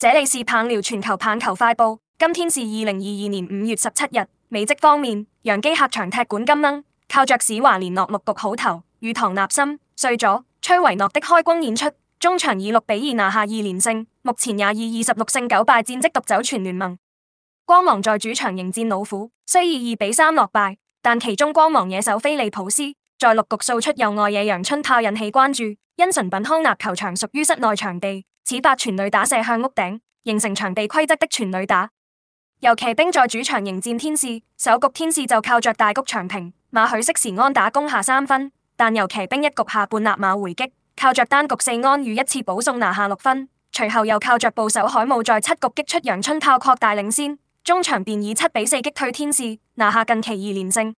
這裏是棒聊全球棒球快報，今天是二零二二年五月十七日。美職方面，洋基客場踢館金鶯，靠着史華連諾六局好投，與唐納森、瑞佐、崔維諾的開轟演出，終場以六比二拿下二連勝。目前也以二十六勝九敗戰績獨走全聯盟。光芒在主場迎戰老虎，雖以二比三落敗，但其中光芒野手菲利普斯在六局掃出右外野陽春炮引起關注，因純品康納球場屬於室內場地。此發全壘打射向屋頂，形成場地規則的全壘打。遊騎兵在主場迎戰天使，首局天使就靠着大谷翔平、馬許適時安打攻下三分，但遊騎兵一局下半立馬回擊，靠着單局四安與一次保送拿下六分，隨後又靠着捕手海姆在七局擊出陽春炮擴大領先，終場便以七比四擊退天使，拿下近期二連勝。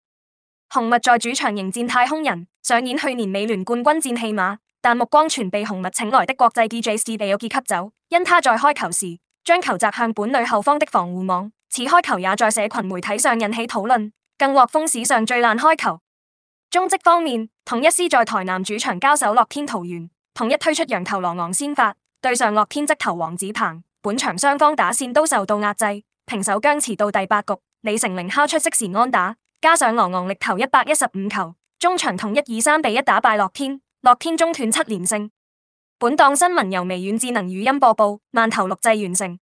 紅襪在主場迎戰太空人，上演去年美聯冠，冠軍戰戲碼。但目光全被紅襪請來的國際 DJ 是被有結吸走，因他在開球時將球砸向本壘後方的防護網。此開球也在社群媒體上引起討論，更獲封史上最爛開球。中職方面，統一獅在台南主場交手樂天桃園，統一推出洋投羅昂先發，對上樂天即投黃子鵬。本場雙方打線都受到壓制，平手僵持到第八局，李成玲敲出適時安打，加上羅昂力投一百一十五球，中場統一以三比一打敗樂天。樂天中斷七連勝，本檔新聞由微軟智能語音播報，萬頭錄製完成。